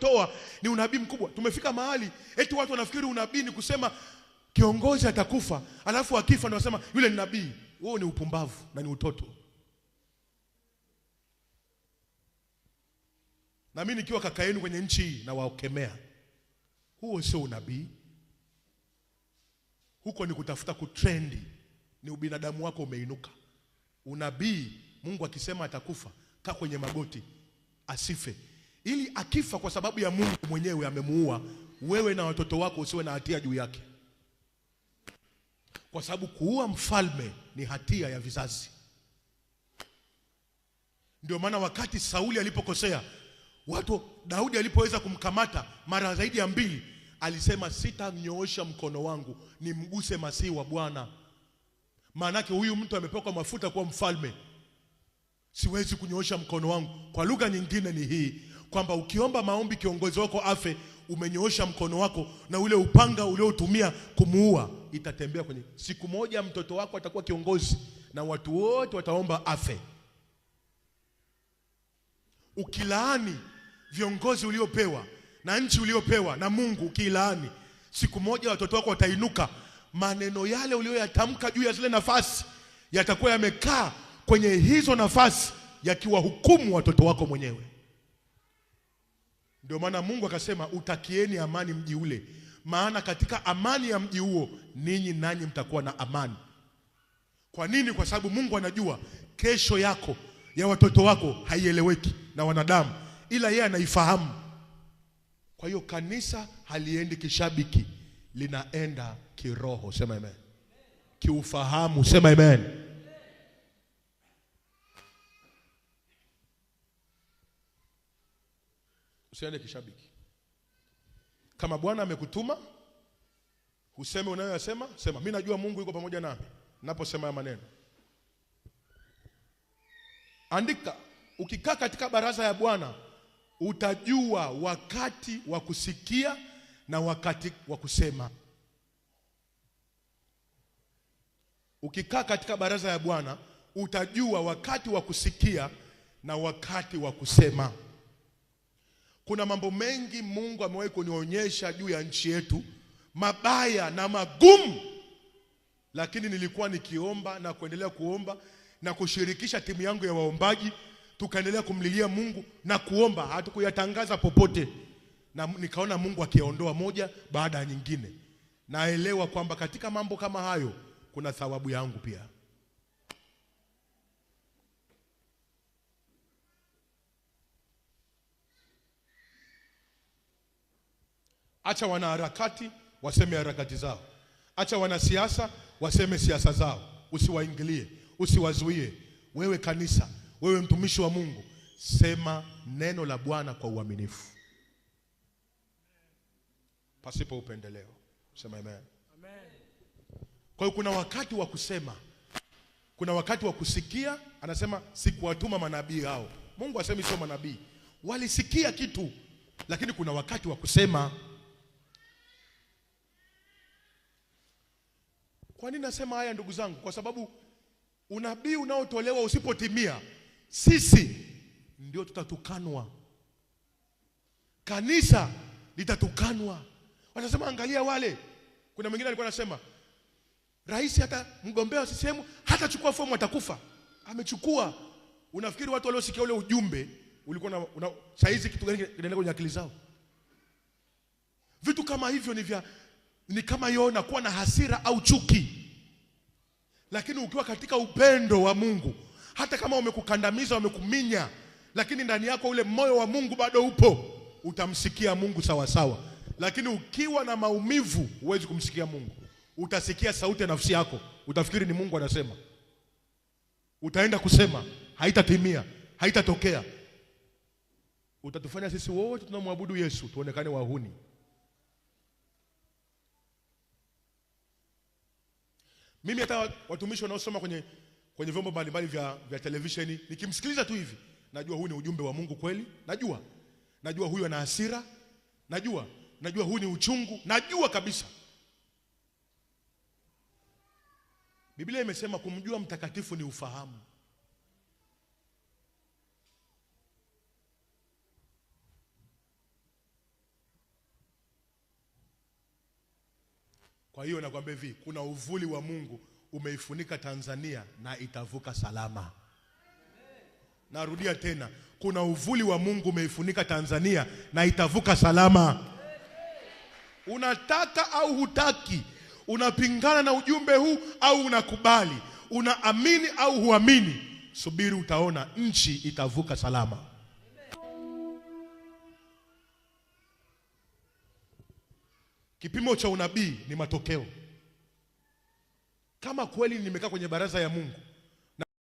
toa ni unabii mkubwa. Tumefika mahali eti watu wanafikiri unabii ni kusema kiongozi atakufa, alafu akifa ndio wasema yule ni nabii. Wewe ni upumbavu na ni utoto. Na mimi nikiwa kaka yenu kwenye nchi hii na waokemea, huo sio unabii, huko ni kutafuta kutrendi, ni ubinadamu wako umeinuka. Unabii, Mungu akisema atakufa, kaa kwenye magoti asife ili akifa kwa sababu ya Mungu mwenyewe amemuua, wewe na watoto wako usiwe na hatia juu yake, kwa sababu kuua mfalme ni hatia ya vizazi. Ndio maana wakati Sauli alipokosea, watu Daudi alipoweza kumkamata mara zaidi ya mbili, alisema sitanyoosha mkono wangu nimguse masihi wa Bwana, maanake huyu mtu amepakwa mafuta kuwa mfalme, siwezi kunyoosha mkono wangu. Kwa lugha nyingine ni hii kwamba ukiomba maombi kiongozi wako afe, umenyoosha mkono wako na ule upanga uliotumia kumuua itatembea kwenye. Siku moja mtoto wako atakuwa kiongozi na watu wote wataomba afe. Ukilaani viongozi uliopewa na nchi uliopewa na Mungu, ukilaani, siku moja watoto wako watainuka, maneno yale uliyoyatamka juu ya zile nafasi yatakuwa yamekaa kwenye hizo nafasi, yakiwahukumu watoto wako mwenyewe. Ndio maana Mungu akasema utakieni amani mji ule, maana katika amani ya mji huo ninyi nanyi mtakuwa na amani. Kwa nini? Kwa sababu Mungu anajua kesho yako ya watoto wako haieleweki na wanadamu, ila yeye anaifahamu. Kwa hiyo kanisa haliendi kishabiki, linaenda kiroho. Sema amen. Kiufahamu. Sema amen. Usiende kishabiki. Kama Bwana amekutuma useme unayoyasema, sema mimi najua Mungu yuko pamoja nami naposema ya maneno. Andika, ukikaa katika baraza ya Bwana utajua wakati wa kusikia na wakati wa kusema. Ukikaa katika baraza ya Bwana utajua wakati wa kusikia na wakati wa kusema. Kuna mambo mengi Mungu amewahi kunionyesha juu ya nchi yetu mabaya na magumu, lakini nilikuwa nikiomba na kuendelea kuomba na kushirikisha timu yangu ya waombaji, tukaendelea kumlilia Mungu na kuomba, hatukuyatangaza popote, na nikaona Mungu akiondoa moja baada ya nyingine. Naelewa kwamba katika mambo kama hayo kuna thawabu yangu pia. Acha wanaharakati waseme harakati zao, acha wanasiasa waseme siasa zao. Usiwaingilie, usiwazuie. Wewe kanisa, wewe mtumishi wa Mungu, sema neno la Bwana kwa uaminifu pasipo upendeleo. Sema amen. Amen. Kwa hiyo kuna wakati wa kusema, kuna wakati wa kusikia. Anasema sikuwatuma manabii hao. Mungu asemi sio manabii, walisikia kitu, lakini kuna wakati wa kusema. Kwa nini nasema haya ndugu zangu? Kwa sababu unabii unaotolewa usipotimia, sisi ndio tutatukanwa, kanisa litatukanwa. Wanasema angalia wale, kuna mwingine alikuwa anasema rais hata mgombea wa CCM hatachukua fomu atakufa. Amechukua. Unafikiri watu waliosikia ule ujumbe ulikuwa na una, saizi kitu gani kinaendelea kwenye akili zao? Vitu kama hivyo ni vya ni kama Yona kuwa na hasira au chuki, lakini ukiwa katika upendo wa Mungu, hata kama wamekukandamiza, wamekuminya, lakini ndani yako ule moyo wa Mungu bado upo, utamsikia Mungu sawasawa sawa. Lakini ukiwa na maumivu, huwezi kumsikia Mungu. Utasikia sauti ya nafsi yako, utafikiri ni Mungu anasema, utaenda kusema, haitatimia, haitatokea. Utatufanya sisi wote tunamwabudu Yesu tuonekane wahuni. Mimi hata watumishi wanaosoma kwenye, kwenye vyombo mbalimbali vya, vya televisheni nikimsikiliza tu hivi najua huu ni ujumbe wa Mungu kweli, najua najua huyu ana hasira, najua najua huu ni uchungu, najua kabisa. Biblia imesema kumjua mtakatifu ni ufahamu. Kwa hiyo nakwambia hivi, kuna uvuli wa Mungu umeifunika Tanzania na itavuka salama. Narudia tena, kuna uvuli wa Mungu umeifunika Tanzania na itavuka salama. Unataka au hutaki, unapingana na ujumbe huu au unakubali, unaamini au huamini, subiri utaona, nchi itavuka salama. Kipimo cha unabii ni matokeo. Kama kweli nimekaa kwenye baraza ya Mungu